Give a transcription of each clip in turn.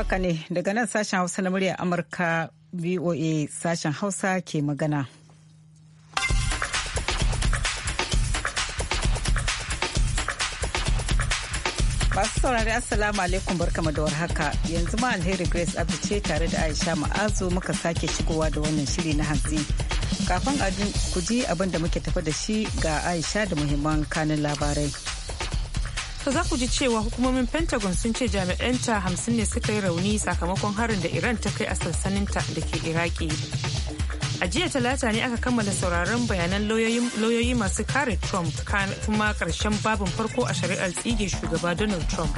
Haka ne daga nan sashen Hausa na muryar Amurka VOA sashen Hausa ke magana. masu saurari assalamu alaikum barkama da warhaka yanzu ma alheri grace abu ce tare da aisha ma'azu muka sake shigowa da wannan shiri na hantsi kafin ku ji abin da muke tafa da shi ga aisha da muhimman kanin labarai To za ku ji cewa hukumomin Pentagon sun ce jami'anta hamsin ne suka yi rauni sakamakon harin da Iran ta kai a sansaninta da ke Iraki. A jiya talata ne aka kammala sauraron bayanan lauyoyi masu kare Trump kuma karshen babin farko a shari'ar tsige shugaba Donald Trump.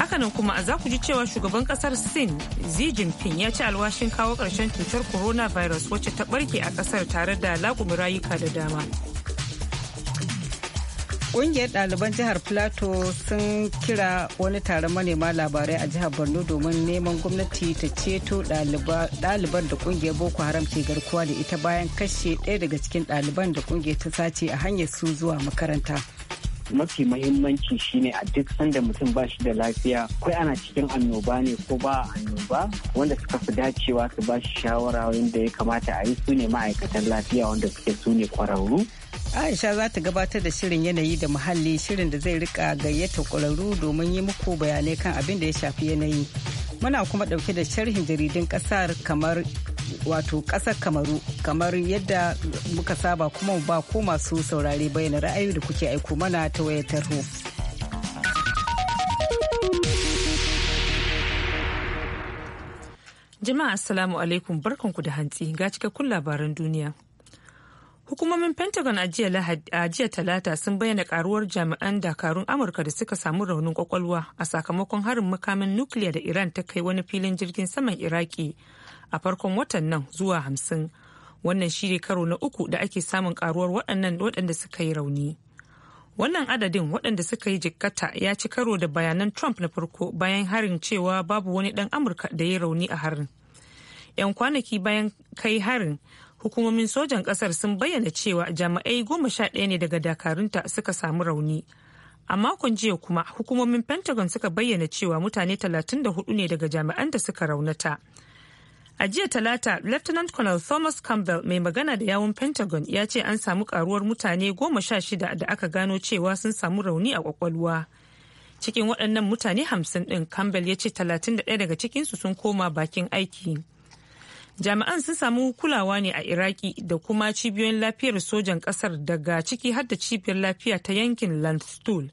hakanan kuma a za ku ji cewa shugaban kasar sin xi jinping ya ci alwashin kawo karshen cutar coronavirus wacce ta barke a kasar tare da laƙumi rayuka da dama Ƙungiyar ɗaliban jihar Plateau sun kira wani taron manema labarai a jihar Borno domin neman gwamnati ta ceto ɗaliban da ƙungiyar Boko Haram ke garkuwa da ita bayan kashe ɗaya daga cikin ɗaliban da ƙungiyar ta sace a hanyar su zuwa makaranta. mafi mahimmanci shine a duk sanda mutum ba shi da lafiya kai ana cikin annoba ne ko ba annoba wanda suka fi dacewa su ba shi shawara wanda ya kamata a yi su ne ma'aikatan lafiya wanda suke su ne kwararru Aisha za ta gabatar da shirin yanayi da muhalli shirin da zai rika gayyata ƙwararru domin yi muku bayanai kan abin da ya shafi yanayi. Muna kuma ɗauke da sharhin jaridun ƙasar kamar wato ƙasar kamaru kamar yadda muka saba kuma mu ba ko masu saurare bayyana ra'ayi da kuke aiko mana ta wayar tarho. Jama'a Assalamu alaikum barkanku da hantsi ga cikakkun labaran duniya. Hukumomin Pentagon a jiya talata sun bayyana karuwar jami'an dakarun Amurka da suka samu raunin kwakwalwa a sakamakon harin makamin nukiliya da Iran ta kai wani filin jirgin saman Iraki a farkon watan nan zuwa hamsin. Wannan shi karo na uku da ake samun karuwar waɗannan waɗanda suka yi rauni. Wannan adadin waɗanda suka yi jikkata ya ci karo da bayanan Trump na farko bayan harin cewa babu wani ɗan Amurka da ya rauni a harin. 'Yan kwanaki bayan kai harin hukumomin sojan kasar sun bayyana cewa jami'ai goma sha ɗaya ne daga dakarunta suka samu rauni a makon jiya kuma hukumomin pentagon suka bayyana cewa mutane talatin da hudu ne daga jami'an da suka raunata a jiya talata lieutenant colonel thomas campbell mai magana da yawun pentagon ya ce an samu karuwar mutane goma sha shida da aka gano cewa sun samu rauni a kwakwalwa cikin waɗannan mutane hamsin ɗin campbell ya ce talatin da ɗaya daga cikinsu sun koma bakin aiki jami'an sun samu kulawa ne a iraki da kuma cibiyoyin lafiyar sojan kasar daga ciki har da cibiyar lafiya ta yankin landstool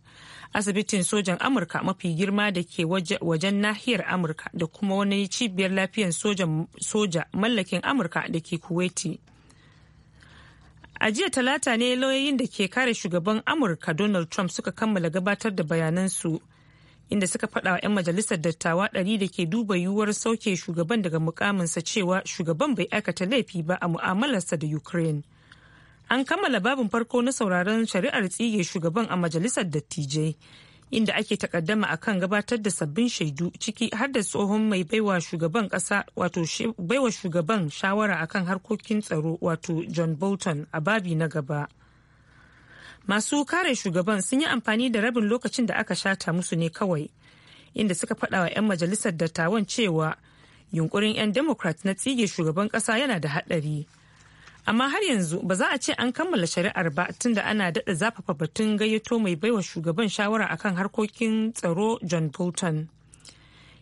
asibitin sojan amurka mafi girma da ke wajen nahiyar amurka da kuma wani cibiyar lafiyar soja mallakin amurka da ke kuwaiti a jiya talata ne lauyoyin da ke kare shugaban amurka donald trump suka kammala gabatar da bayanansu inda suka faɗa wa 'yan majalisar dattawa ɗari da ke duba yiwuwar sauke shugaban daga mukaminsa cewa shugaban bai aikata laifi ba a mu'amalarsa da ukraine an kammala babin farko na sauraron shari'ar tsige shugaban a majalisar dattijai inda ake takaddama kan gabatar da sabbin shaidu ciki har da tsohon mai baiwa shugaban kasa wato baiwa shugaban shawara akan harkokin tsaro wato john bolton a babi na gaba masu kare shugaban sun yi amfani da rabin lokacin da aka shata musu ne kawai inda suka faɗa wa 'yan majalisar dattawan cewa yunkurin 'yan democrat na tsige shugaban ƙasa yana da haɗari amma har yanzu ba za a ce an kammala shari'ar ba tunda ana daɗa zafafa batun gayyato mai baiwa shugaban shawara akan harkokin tsaro john bolton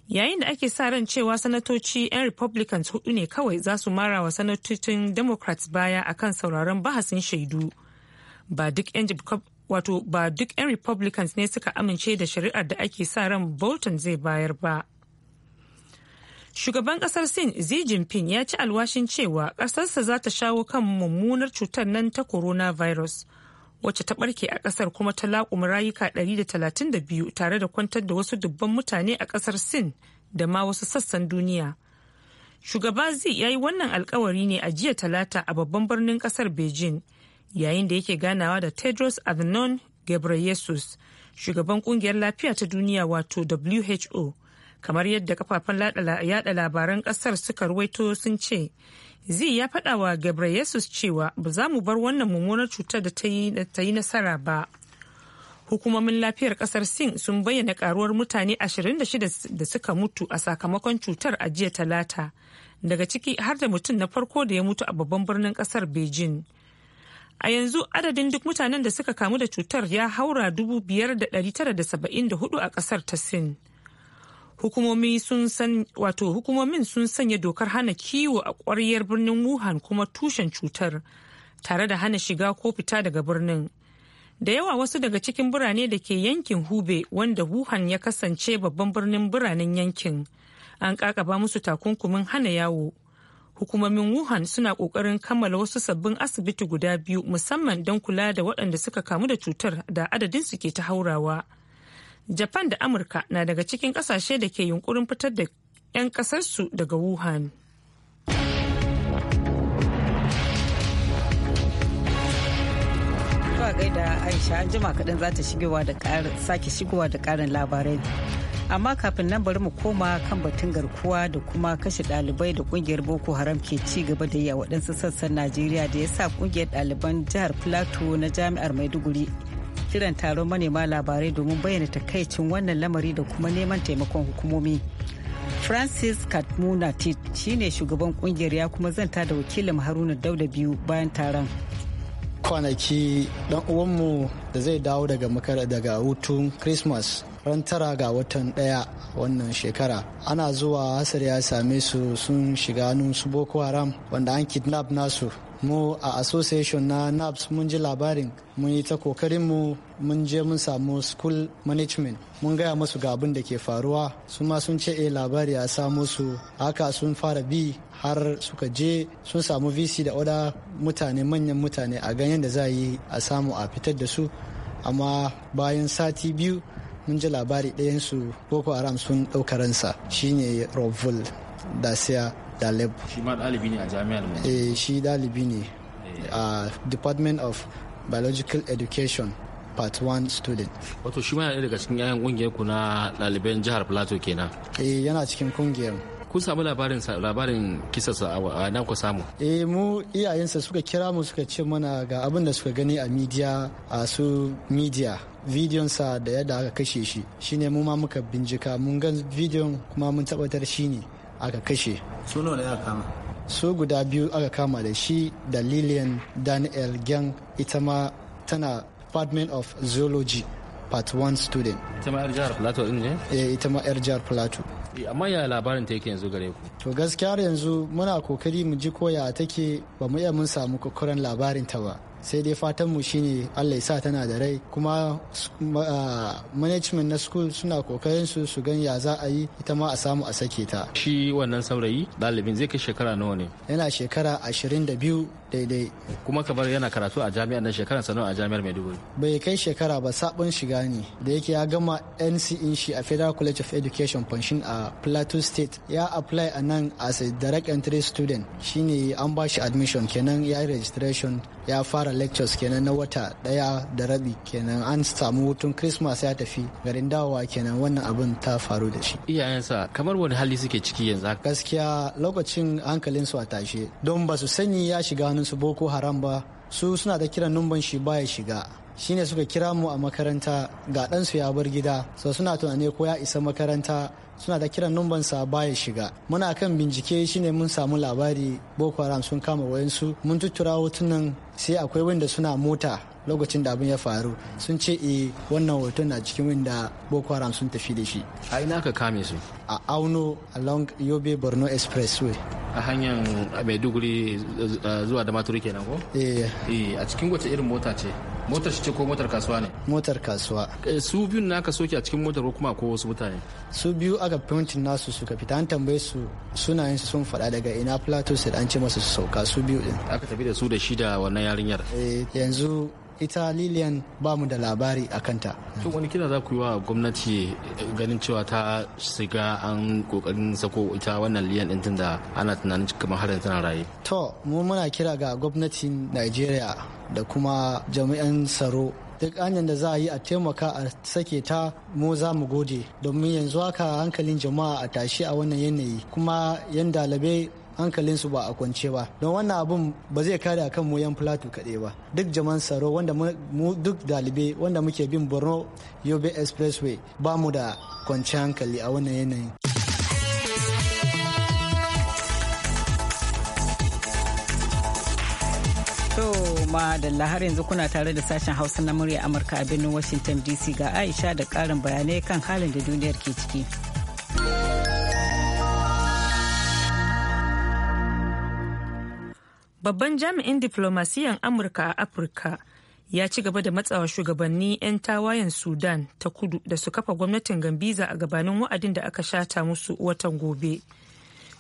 yayin da ake sa ran cewa sanatoci 'yan republicans hudu ne kawai za su mara wa sanatocin democrats baya akan sauraron bahasin shaidu ba duk 'yan wato ba duk 'yan republicans ne suka amince da shari'ar da ake sa ran bolton zai bayar ba shugaban kasar sin xi jinping ya ci alwashin cewa kasarsa za ta shawo kan mummunar cutar nan ta coronavirus wacce ta barke a kasar kuma ta laƙumi rayuka 132 tare da kwantar da wasu dubban mutane a kasar sin da ma wasu sassan duniya shugaba xi ya yi wannan alkawari ne a jiya talata a babban birnin kasar beijing yayin da yake ganawa da tedros adhanom ghebreyesus shugaban kungiyar lafiya ta duniya wato who kamar yadda kafafen yada labaran kasar suka ruwaito sun ce zai ya faɗa wa ghebreyesus cewa ba za mu bar wannan mummunar cutar da ta yi nasara ba hukumomin lafiyar kasar sin sun bayyana karuwar mutane 26 da suka mutu a sakamakon cutar a jiya talata daga ciki har da mutum na farko da ya mutu a babban birnin kasar beijing A yanzu adadin duk mutanen da suka kamu da cutar ya haura 5,974 a kasar ta Sin. wato hukumomin sun sanya dokar hana kiwo a ƙwaryar birnin Wuhan kuma tushen cutar tare da hana shiga ko fita daga birnin. Da yawa wasu daga cikin birane da ke yankin Hube wanda Wuhan ya kasance babban birnin biranen yankin. An ƙaƙaba musu takunkumin hana yawo. hukumomin wuhan suna kokarin kammala wasu sabbin asibiti guda biyu musamman don kula da waɗanda suka kamu da cutar da adadin su ke ta haurawa japan da amurka na daga cikin ƙasashe da ke yunkurin fitar da 'yan ƙasarsu daga wuhan da aisha an jima kaɗan za ta sake shigowa da ƙarin labarai amma kafin nan bari mu koma kan batun garkuwa da kuma kashe dalibai da kungiyar boko haram ke ci gaba da yi a waɗansu sassan najeriya da ya sa kungiyar ɗaliban jihar plateau na jami'ar maiduguri kiran taron manema labarai domin bayyana takaicin wannan lamari da kuma neman taimakon hukumomi francis katmuna shine shugaban kungiyar ya kuma zanta da wakilin haruna dauda biyu bayan taron kwanaki dan uwanmu da zai dawo daga hutun christmas ran tara ga watan daya wannan shekara ana zuwa hasar ya same su sun shiga hannun su boko haram wanda an kidnap nasu mu a association na naps mun ji labarin mun yi ta kokarin mu mun je mun samu school management mun gaya musu ga abin da ke faruwa su ma sun ce eh labari a samu su haka sun fara bi har suka je sun samu vc da oda mutane manyan mutane a ganyen da za a yi a samu a fitar da su amma bayan sati biyu mun ji labari ɗayansu boko haram sun ɗauka ransa shine rovul da siya dalib shi ma dalibi ne a jami'ar mu eh shi dalibi ne eh. a department of biological education part 1 student wato shi ma yana daga cikin yayan kungiyar ku na ɗaliban jihar plateau kenan eh yana cikin kungiyar kun samu labarin labarin kisa a nan ku samu eh mu iyayensa suka kira mu suka ce mana ga abin da suka gani a media a su media sa da yadda aka kashe shi shine mu ma muka bincika mun ga bidiyon kuma mun tabbatar shi ne aka kashe su nawa ne aka kama su guda biyu aka kama da shi da lillian daniel gang ita ma tana department of zoology part 1 student ita ma yar jihar plateau din ne eh ita ma yar jihar plateau Eh, amma ya labarin ta yake yanzu gare ku to gaskiya yanzu muna kokari mu ji koya take ba mu iya mun samu kokoran labarin ta ba sai dai fatan mu shine Allah ya sa tana da rai kuma management na school suna kokarin su su gan ya za a yi ita ma a samu a sake ta shi wannan saurayi dalibin zai kai shekara nawa ne yana shekara 22 daidai kuma kamar yana karatu a jami'ar nan shekarar sanar a jami'ar maiduguri bai kai shekara ba sabon shiga ne da yake ya gama nc in shi a federal college of education pension a plateau state ya apply a nan as a direct entry student shine an ba shi admission kenan ya yi registration ya fara lectures kenan na wata daya da rabi kenan an samu hutun christmas ya tafi garin dawowa kenan wannan abin ta faru da shi iyayensa kamar wani hali suke ciki yanzu gaskiya lokacin hankalinsu a tashe don ba su sani ya shiga su boko haram ba su suna da kiran numban shi baya shiga shine suka kira mu a makaranta ga ɗansu ya bar gida so suna tunani ko ya isa makaranta suna da kiran numbansa baya shiga muna kan bincike shine mun samu labari boko haram sun kama wayansu mun tuttura hotunan sai akwai wanda suna mota lokacin da abin ya faru sun ce e wannan hoton na cikin wanda boko haram sun tafi da shi a ina ka kame su a auno along yobe borno expressway a hanyar maiduguri eh, zuwa da maturi kenan ko eh. eh a cikin wace irin mota ce motar shi ce ko motar kasuwa ne motar kasuwa su biyun naka soke a cikin motar ko kuma ko wasu mutane su biyu aka fahimcin nasu suka fita an tambaye su sunayen su sun faɗa daga ina plateau sai an ce masu su sauka su biyu din aka tafi da su da shi da wannan yarinyar yanzu ita lilian ba mu da labari a kanta to wani kira za ku yi wa gwamnati ganin cewa ta shiga an kokarin sako ita wannan lilian din tunda ana tunanin kamar har tana raye to mu muna kira ga gwamnatin najeriya da kuma jami'an tsaro duk hanyar da za a yi a taimaka a sake ta mu za mu gode domin yanzu haka hankalin jama'a a tashi a wannan yanayi kuma yan dalibai hankalinsu ba a kwance ba don wannan abun ba zai kare akan mu yan plateau kaɗai ba duk jaman tsaro wanda mu duk dalibai wanda muke bin borno yobe expressway ba mu da kwance hankali a wannan yanayin ma da har yanzu kuna tare da sashen hausa na murya amurka a birnin washington dc ga aisha da karin bayanai kan halin da duniyar ke ciki. babban jami'in diflomasiyan amurka a afirka ya ci gaba da matsawa shugabanni 'yan tawayen sudan ta kudu da su kafa gwamnatin gambiza a gabanin wa'adin da aka shata musu watan gobe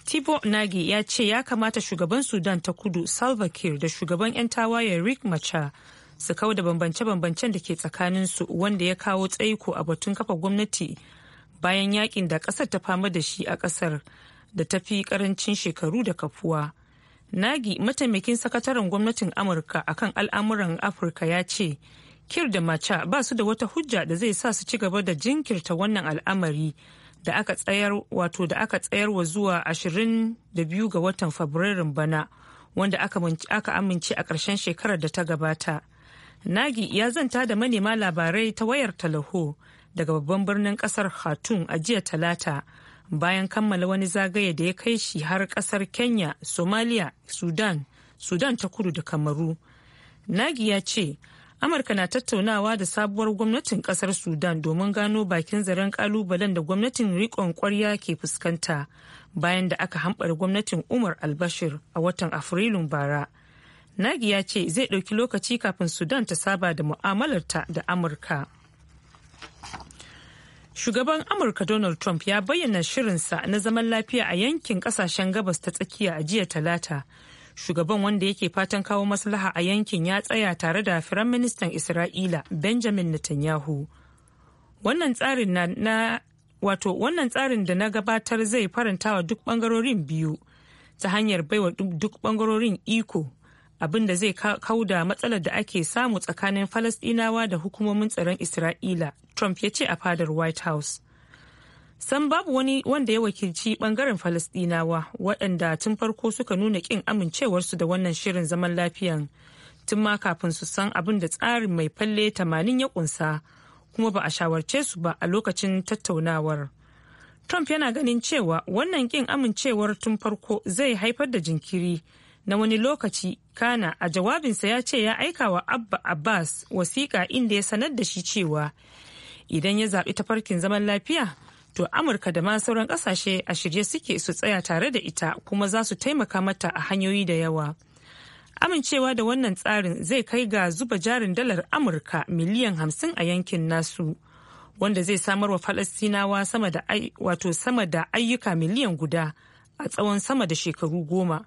tibo nagi ya ce ya kamata shugaban sudan ta kudu salva kiir da shugaban 'yan tawayen rick macha su kawo da bambance-bambancen da ke tsakaninsu wanda ya kawo tsaiko a batun kafa gwamnati bayan yakin da kasar ta fama da shi a kasar da ta fi karancin shekaru da kafuwa nagi mataimakin sakataren gwamnatin amurka akan al'amuran afirka ya ce kir da maca ba su da wata hujja da zai sa su ci gaba da jinkirta wannan al'amari da aka tsayar wato da aka wa zuwa 22 ga watan fabrairun bana wanda aka amince a ƙarshen shekarar da ta gabata nagi ya zanta da manema labarai ta wayar talaho daga babban birnin ƙasar khartoum a jiya talata bayan kammala wani zagaye da ya kai shi har kasar kenya somalia sudan sudan ta kudu da kamaru nagi ya ce amurka na tattaunawa da sabuwar gwamnatin kasar sudan domin gano bakin zaren kalubalen da gwamnatin rikon kwarya ke fuskanta bayan da aka hambar gwamnatin umar albashir a watan afrilun bara nagi ya ce zai ɗauki lokaci kafin sudan ta saba da mu'amalarta da amurka shugaban amurka donald trump ya bayyana shirinsa na zaman lafiya a yankin kasashen gabas ta tsakiya a jiya talata shugaban wanda yake fatan kawo maslaha a yankin ya tsaya tare da firaministan isra'ila benjamin netanyahu wannan tsarin na, na wato wannan tsarin da na gabatar zai faranta wa duk bangarorin biyu ta hanyar baiwa duk bangarorin iko abin da zai da matsalar da ake samu tsakanin falasdinawa da hukumomin tsaron isra'ila trump ya ce a fadar white house san babu wani wanda ya wakilci bangaren falasdinawa waɗanda tun farko suka nuna ƙin amincewarsu da wannan shirin zaman lafiyan tun ma kafin su san abin da tsarin mai falle 80 ya kunsa kuma ba a shawarce su ba a lokacin tattaunawar trump yana ganin cewa wannan ƙin amincewar tun farko zai haifar da jinkiri na wani lokaci kana a jawabinsa ya ce ya aika wa abba abbas wasiƙa inda ya sanar da shi cewa idan ya zaɓi tafarkin zaman lafiya to amurka da ma sauran ƙasashe a shirye suke su tsaya tare da ita kuma za su taimaka mata a hanyoyi da yawa amincewa da wannan tsarin zai kai ga zuba jarin dalar amurka miliyan hamsin a yankin nasu wanda zai samar wa falastinawa wato sama da ayyuka miliyan guda a tsawon sama da shekaru goma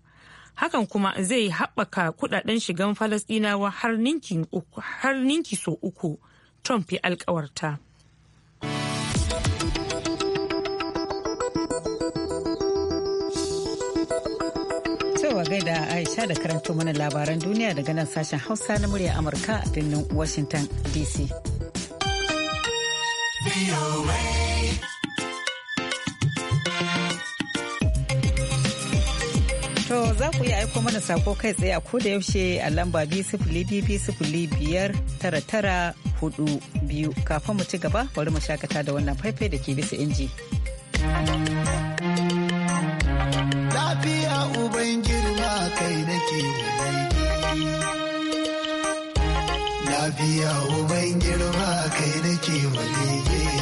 hakan kuma zai haɓaka kudaden shigan falasdinawa har ninki so uku trump ya alkawarta cewa gaida aisha da karanto mana labaran duniya daga nan sashen hausa na murya amurka a birnin washington dc ku yi aiko mana sako kai tsaye a da yaushe a lamba tara hudu biyu kafin mu ci gaba bari mu shakata da wannan faifai da ke bisa inji. Lafiya uban girma kai nake Lafiya uban girma kai nake walege.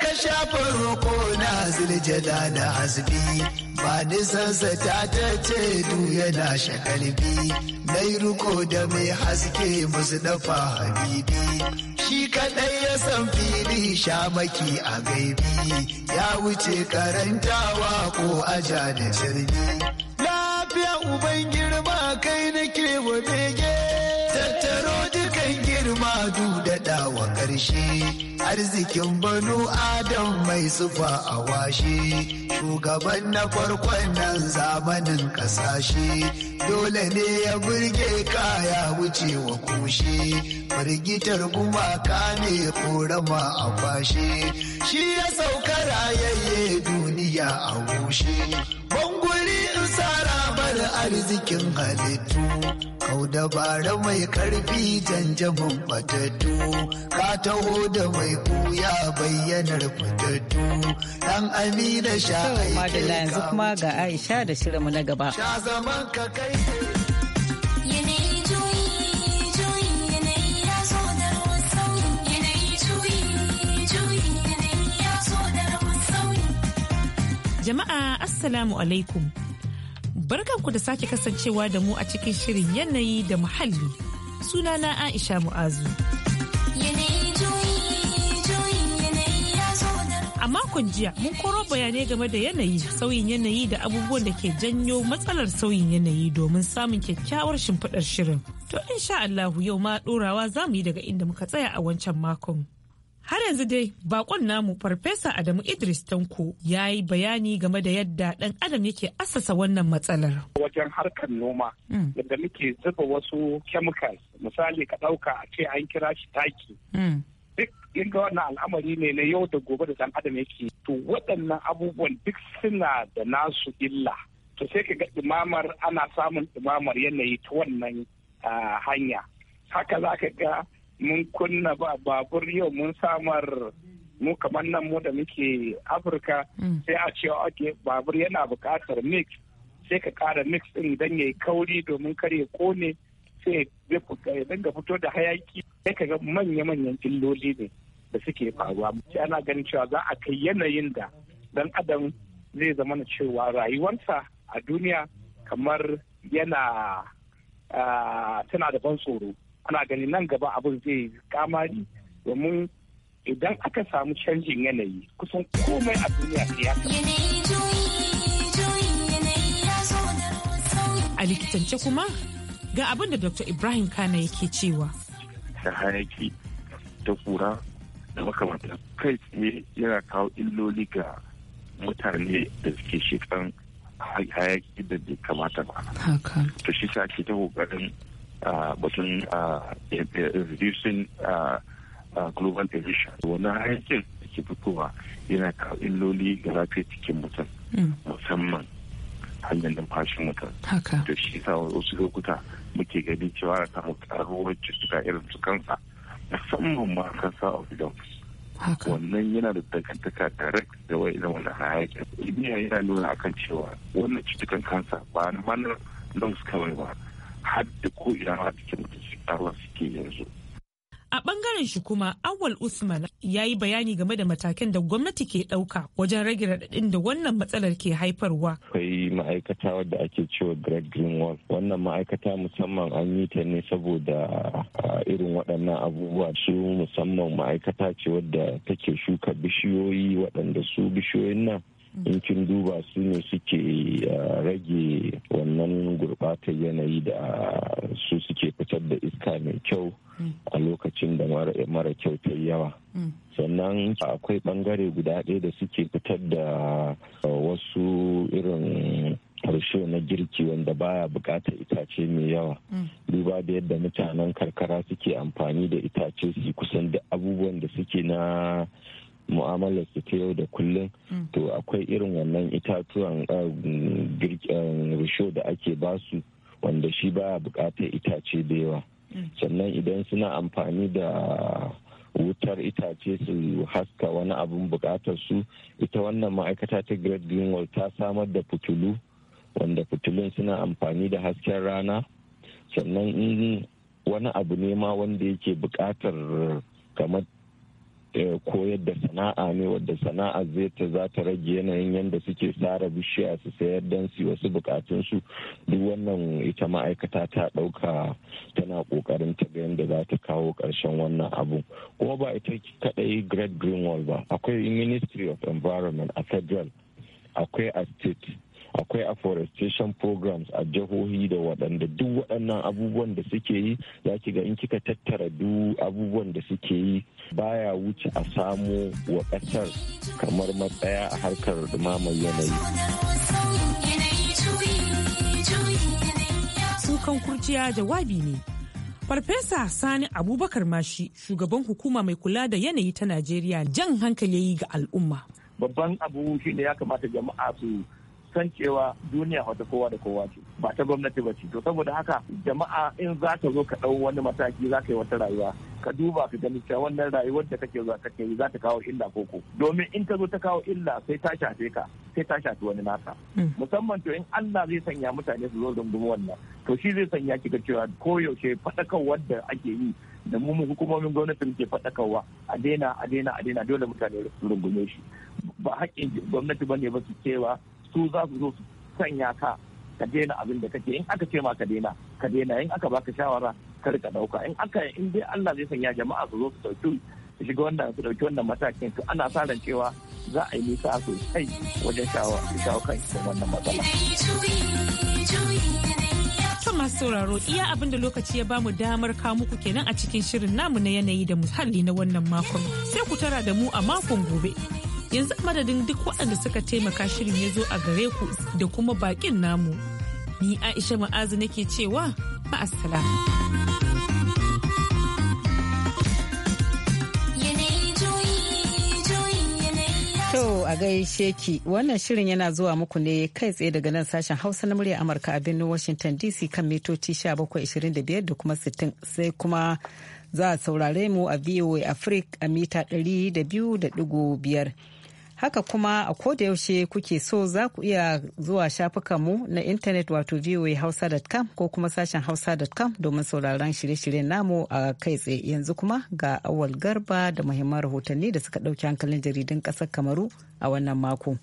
shafa roko na ziljada da hasbi ba nisansa ta ta ce du yana shakalbi mai ruko da mai haske musu dafa habibi shi kaɗai ya san fili shamaki a gaibi ya wuce karantawa ko aja da jirgi lafiya uban girma kai nake wa bege madu dudada wa ƙarshe arzikin banu adam mai sufa a washe shugaban na farkon nan zamanin ƙasashe dole ne ya burge kaya wuce wa kushe firgitar gumaka ne korama a kwashe shi ya sauka rayayye duniya a bushe arzikin halittu kau dabara mai karfi janjamin fatattu ka taho da mai kuya bayyanar fatattu dan amina sha aiki yanzu kuma ga aisha da shirinmu na gaba sha zaman ka kai Jama'a Assalamu alaikum ku da sake kasancewa da mu a cikin shirin yanayi da muhalli. Sunana Aisha Mu'azu. A makon jiya mun koro bayanai game da yanayi sauyin yanayi da abubuwan da ke janyo matsalar sauyin yanayi domin samun kyakkyawar shimfiɗar shirin. To insha Allahu yau ma ɗorawa za mu yi daga inda muka tsaya a wancan makon. Har yanzu dai bakon namu Farfesa Adamu Idris Tanko ya yi bayani game da yadda ɗan adam yake assasa wannan matsalar. Wajen harkar noma, hmm. yadda muke zuba wasu chemicals, misali ka ɗauka a ce an kira shi taki. Hmm. Duk inda wannan al'amari ne na yau da gobe da ɗan adam yake. To waɗannan abubuwan duk suna da nasu illa. To sai ka ga ɗumamar ana samun ɗumamar yanayi ta wannan ah, hanya. Haka za ka ga mun kunna ba babur yau mun samar mu kamar nan mu da muke afirka mm. sai a cewa ake babur yana bukatar mix sai ka kara mix din don ya yi kauri domin kar ya kone sai ya dinga fito da hayaki sai ka ga manya-manyan illoli ne da suke faruwa sai ana ganin cewa za a kai yanayin da dan adam zai zama na cewa rayuwarsa a duniya kamar yana ah, tana da ban tsoro ana ganin nan gaba abin zai kamari domin idan aka samu canjin yanayi kusan komai a duniya ya a likitance kuma ga abin da dr ibrahim kana yake cewa da hayaki da kura da makamata kai tsaye yana kawo illoli ga mutane da suke shekan hayaki da bai kamata ba to shi sa ke ta kokarin Uh, batun uh, reducing uh, global emission wannan hayakin da ke fitowa yana kawo illoli ga lafiyar cikin mutum hmm. musamman hanyar numfashin mutum Da shi sa wasu lokuta muke gani cewa na samu karuwar cutuka irin su kansa musamman ma kansa of dogs wannan yana da dangantaka direct da wai da wannan hayakin ibiya yana nuna akan cewa wannan cutukan kansa ba na manar lungs kawai ba hadda ko ina ma cikin mutum suke yanzu. A bangaren shi kuma Awal Usman ya yi bayani game da matakan da gwamnati ke ɗauka wajen rage raɗaɗin da wannan matsalar ke haifarwa. Akwai ma'aikata wadda ake cewa Great Green Wall. Wannan ma'aikata musamman an yi ta ne saboda irin waɗannan abubuwa su musamman ma'aikata ce wadda take shuka bishiyoyi waɗanda su bishiyoyin nan in kin duba su ne suke uh, rage wannan gurɓatar yanayi da uh, su suke fitar da iska mai kyau a lokacin da mara kyau ta yawa sannan akwai ɓangare guda ɗaya da suke fitar da uh, wasu irin harshe na girki wanda baya bukatar itace mai yawa duba da yadda mutanen karkara suke amfani da itace su kusan da abubuwan da suke na mu'amalar su ta yau da kullum mm. to akwai irin wannan itatuwan uh, um, risho da ake basu wanda shi baya bukatar itace da yawa mm. sannan idan suna amfani da wutar itace su haska wani abun bukatar su ita wannan ma'aikata ta great green ta samar da fitulu wanda fitulun suna amfani da hasken rana sannan in wani abu ne ma wanda yake bukatar kamar Eh, koyar da sana'a ne wadda sana'a zai ta za ta rage yanayin yadda suke tsara bishiya su sayar don su wasu bukatunsu duk wannan ita ma'aikata ta ɗauka tana ƙoƙarin ta ga yadda za ta kawo ƙarshen wannan abu kuma ba ita kaɗai great green wall ba akwai ministry of environment a federal akwai a state akwai afforestation programs a jihohi da waɗanda duk waɗannan abubuwan da suke yi za ki ga in kika tattara duk abubuwan da suke yi baya wuce a samu wa ƙasar kamar matsaya a harkar mamaye yanayi. Sukan kurciya jawabi ne. Farfesa Sani Abubakar Mashi, shugaban hukuma mai kula da yanayi ta Najeriya jan hankali ga al'umma. Babban abu shine ya kamata jama'a su san cewa duniya wata kowa da kowa ce ba ta gwamnati ba ce to saboda haka jama'a in za ka zo ka ɗau wani mataki za ka yi wata rayuwa ka duba ka gani cewa wannan rayuwar da kake zuwa kake yi za ta kawo illa koko domin in ta zo ta kawo illa sai ta shafe ka sai ta shafi wani nasa mm. musamman to in Allah zai sanya mutane su zo rungumi wannan to shi zai sanya kika cewa koyaushe faɗakarwar da ake yi da mu hukumomin gwamnati muke faɗakarwa a daina a daina a daina dole mutane su rungume shi ba haƙƙin gwamnati bane ba su cewa su za su zo su sanya ka ka daina abin da kake in aka ce ma ka daina ka daina in aka baka shawara ka rika dauka in aka in dai Allah zai sanya jama'a su zo su dauki su shiga wannan su dauki wannan matakin to ana sa ran cewa za a yi nisa sosai wajen shawo kan wannan matsala. masu sauraro iya abin da lokaci ya bamu damar kawo muku kenan a cikin shirin namu na yanayi da muhalli na wannan makon. Sai ku tara da mu a makon gobe. yanzu madadin duk waɗanda suka taimaka shirin ya zo a gare ku da kuma bakin namu ni aisha ma'azu nake cewa ma'asala. To a gaishe ki wannan shirin yana zuwa muku ne kai tsaye daga nan sashen Hausa na murya Amurka a birnin Washington DC kan mitoci 1725 da kuma 60 sai kuma za a saurare mu a VOA Africa a mita 200.5. haka kuma a koda yaushe kuke so za ku iya zuwa shafukanmu na intanet wato voahausa.com ko kuma sashen hausa.com domin sauraron shirye-shiryen namu a kai tsaye yanzu kuma ga awal garba da muhimman rahotanni da suka ɗauki hankalin jaridun ƙasar kamaru a wannan mako.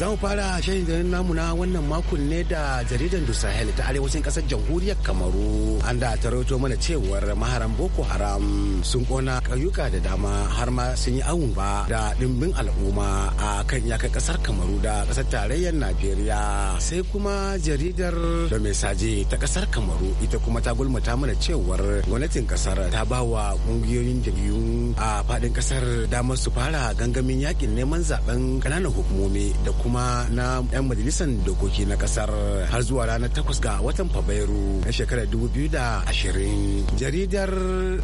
Za mu fara shayin garin namu na wannan makon ne da jaridar Du Sahel ta arewacin kasar jamhuriyar Kamaru. An da ta rawaito mana cewar maharan Boko Haram sun kona ƙauyuka da dama har ma sun yi awun ba da ɗimbin al'umma a kan iyakar kasar Kamaru da kasar tarayyar Najeriya. Sai kuma jaridar da mai ta kasar Kamaru ita kuma ta gulmata mana cewar gwamnatin kasar ta ba wa ƙungiyoyin jam'iyyun a faɗin kasar damar su fara gangamin yakin neman zaben ƙananan hukumomi da kuma kuma na 'yan majalisar dokoki na kasar har zuwa ranar takwas ga watan Fabrairu na shekarar ashirin. Jaridar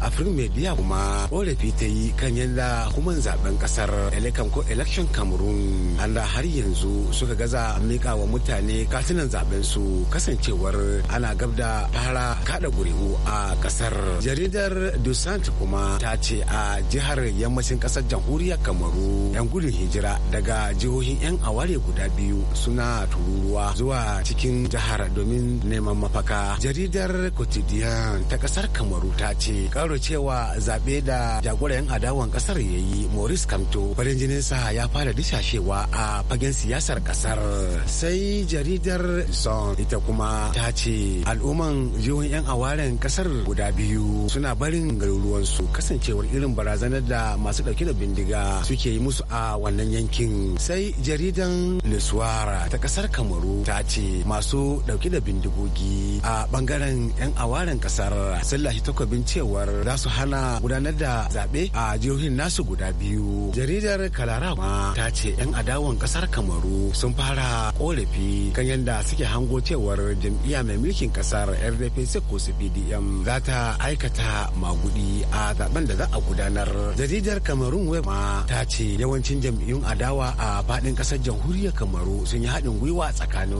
Afrin Media kuma ƙorafi ta yi kan yadda hukumar zaben kasar Elekan ko Election Cameroon da har yanzu suka gaza mika wa mutane katunan zaben su kasancewar ana gab da fara kada gurihu a kasar. Jaridar Dusant kuma ta ce a jihar yammacin kasar jamhuriyar Kamaru 'yan gudun hijira daga jihohin 'yan aware guda biyu suna tururuwa zuwa cikin jihar domin neman mafaka. Jaridar Quotidien ta ƙasar Kamaru ta ce Karo cewa zaɓe da jagoran adawan ƙasar ya yi Maurice Kamto farin jininsa ya fara dishashewa a fagen siyasar ƙasar. Sai jaridar son ita kuma ta ce al'umman jihohin 'yan awaren ƙasar guda biyu suna barin garuruwansu kasancewar irin barazanar da masu ɗauke da bindiga suke yi musu a wannan yankin. Sai jaridan gwamnatin ta kasar Kamaru ta ce masu dauke da bindigogi a bangaren 'yan awaren kasar sun lashe takobin cewar za su hana gudanar da zaɓe a jihohin nasu guda biyu. Jaridar Kalarama ta ce 'yan adawan kasar Kamaru sun fara korafi kan yadda suke hango cewar jam'iyya mai mulkin kasar RDPC ko CPDM za ta aikata magudi a zaben da za a gudanar. Jaridar Kamarun ma ta ce yawancin jam'iyyun adawa a faɗin ƙasar jamhuriyar jamhuriyar kamaru sun yi haɗin gwiwa a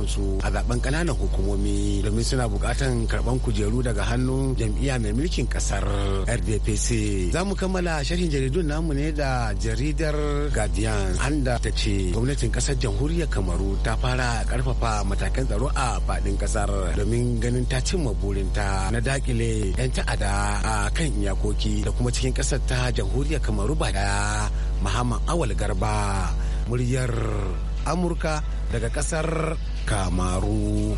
su a zaben ƙananan hukumomi domin suna buƙatan karɓan kujeru daga hannun jam'iyya mai mulkin ƙasar rdpc za mu kammala sharhin jaridun namu ne da jaridar guardian handa ta ce gwamnatin ƙasar jamhuriyar kamaru ta fara ƙarfafa matakan tsaro a faɗin ƙasar domin ganin ta cimma burinta na dakile 'yan ta'ada a kan iyakoki da kuma cikin ƙasar ta jamhuriyar kamaru ba da muhammad awal garba muryar amurka daga kasar kamaru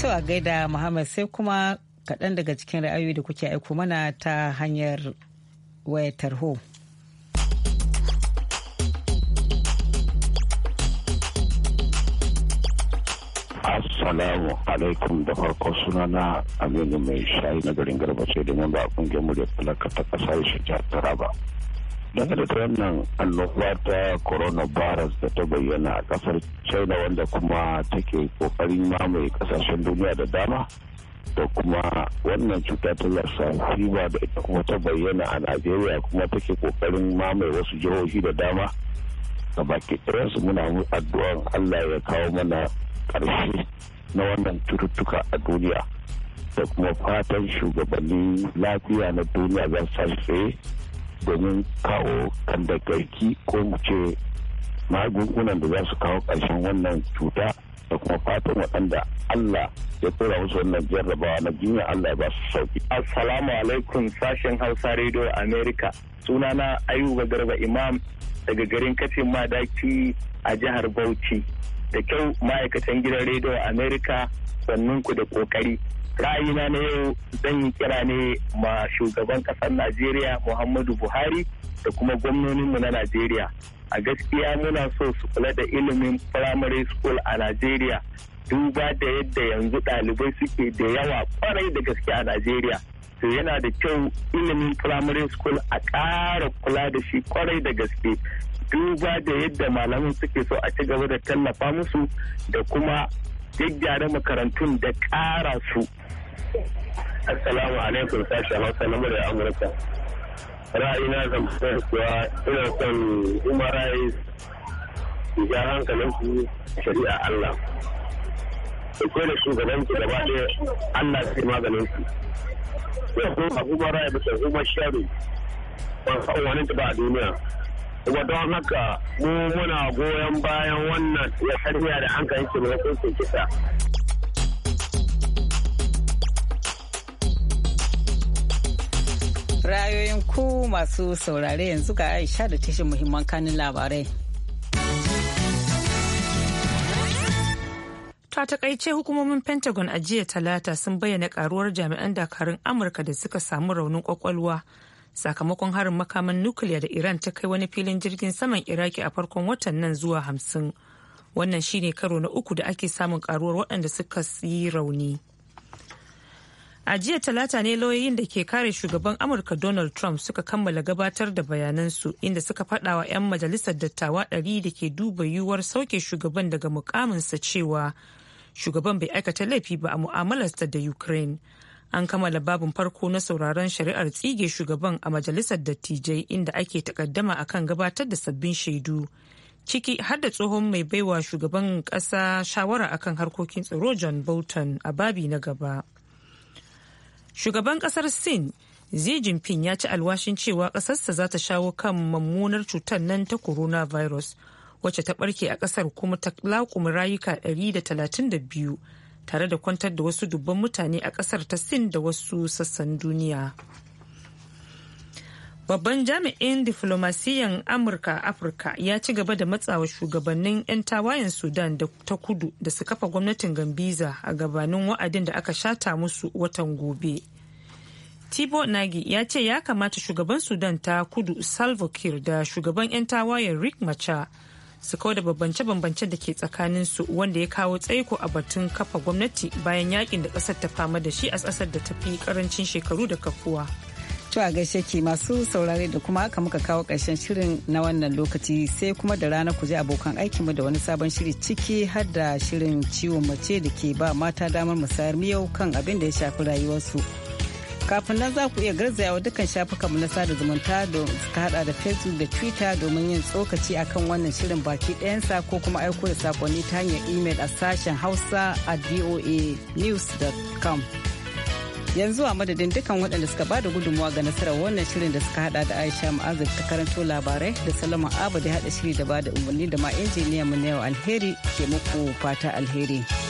to a gaida muhammad sai kuma kaɗan daga cikin ra'ayoyi da kuke aiko mana ta hanyar wayar tarho. Assalamu alaikum da farko suna na Aminu mai shayi na garin garba ce da mun ba kungiyar mu da talaka ta kasa shi jihar Taraba. Daga da wannan annoba ta coronavirus da ta bayyana a kasar China wanda kuma take kokarin mamaye kasashen duniya da dama da kuma wannan cuta ta lassa fiba da ita kuma ta bayyana a Najeriya kuma take kokarin mamaye wasu jihohi da dama. baki ke muna addu'an Allah ya kawo mana ƙarshe na wannan cututtuka a duniya da kuma fatan shugabanni lafiya na duniya za su tsaye domin kawo garki ko mu ce magungunan da za su kawo karshen wannan cuta da kuma fatan waɗanda Allah ya tura musu wannan jarrabawa na jinya Allah ba su sauki. Assalamu alaikum sashen Hausa Radio America. Sunana Ayuba Garba Imam daga garin Katin Madaki a jihar Bauchi. da kyau ma'aikatan gidan rediyo amerika sannan ku da kokari ra'ayina na yau zan yi kira ne ma shugaban kasar najeriya muhammadu buhari da kuma gwamnoninmu na najeriya a gaskiya muna so su kula da ilimin primary school a najeriya duba da yadda yanzu ɗalibai suke da yawa kwarai da gaske a najeriya to yana da kyau ilimin primary school a ƙara kula da shi kwarai da gaske duba da yadda malaman suke so a ci gaba da tallafa musu da kuma gyaggyara makarantun da ƙara su. Assalamu alaikum sashi Hausa na da Amurka. Ra'ayina zan fitar kuwa ina son Human Rights ja hankalin su shari'a Allah. Da ke da shugaban ki gaba ɗaya Allah sai maganin su. Yau kuma Human Rights bisa Human shari'a. ban san wani ba a duniya. kuma don haka mu muna goyon bayan wannan ya karya da an kan shi hukuncin kisa rayoyin ku masu saurare yanzu ga aisha da tashin muhimman kanin labarai ta takaice hukumomin pentagon a jiya talata sun bayyana karuwar jami'an dakarun amurka da suka samu raunin kwakwalwa sakamakon harin makaman nukiliya da iran ta kai wani filin jirgin saman iraki a farkon watan nan zuwa hamsin wannan shine karo na uku da ake samun karuwar waɗanda suka yi rauni a jiya talata ne lauyoyin da ke kare shugaban amurka donald trump suka kammala gabatar da bayanansu inda suka faɗa wa 'yan majalisar dattawa ɗari da ke duba yiwuwar sauke shugaban daga mukaminsa cewa shugaban bai aikata laifi ba a mu'amalarsa da ukraine an kammala babin farko na sauraron shari'ar tsige shugaban a majalisar dattijai inda ake takaddama akan gabatar da sabbin shaidu ciki har da tsohon mai baiwa shugaban kasa shawara akan harkokin tsaro john bolton a babi na gaba shugaban kasar sin Xi Jinping ya ci alwashin cewa ƙasarsa za ta shawo kan mummunar cutar nan ta coronavirus wacce ta barke a ƙasar kuma ta laƙumi rayuka 132 tare da kwantar da wasu dubban mutane a kasar ta sin da wasu sassan duniya babban jami'in diflomasiyan amurka afirka ya ci gaba da matsawa shugabannin 'yan tawayen sudan da ta kudu da su kafa gwamnatin gambiza a gabanin wa'adin da aka shata musu watan gobe tibo nagi ya ce ya kamata shugaban sudan ta kudu salvo kir da shugaban 'yan tawayen rick macha su kawo da bambance-bambance da ke tsakanin su wanda ya kawo tsaiko a batun kafa gwamnati bayan yakin da kasar ta fama da shi a ƙasar da tafi karancin shekaru da kafuwa. To a gaishe ke masu saurare da kuma haka muka kawo ƙarshen shirin na wannan lokaci sai kuma da rana ku je abokan aikinmu da wani sabon shiri ciki har da shirin ciwon mace da ke ba mata damar musayar miyau kan abin da ya shafi rayuwarsu. kafin nan za ku iya garzayawa dukkan shafukanmu na sada zumunta da suka hada da facebook da twitter domin yin tsokaci akan wannan shirin baki ɗayansa ko kuma aiko da sakonni ta hanyar imel a sashen hausa at voanews.com yanzu a madadin dukkan waɗanda suka ba da gudunmawa ga nasarar wannan shirin da suka hada da aisha ma'azu ta karanto labarai da salama abu da haɗa shiri da ba da umarni da ma injiniyan mu na yau alheri ke muku fata alheri.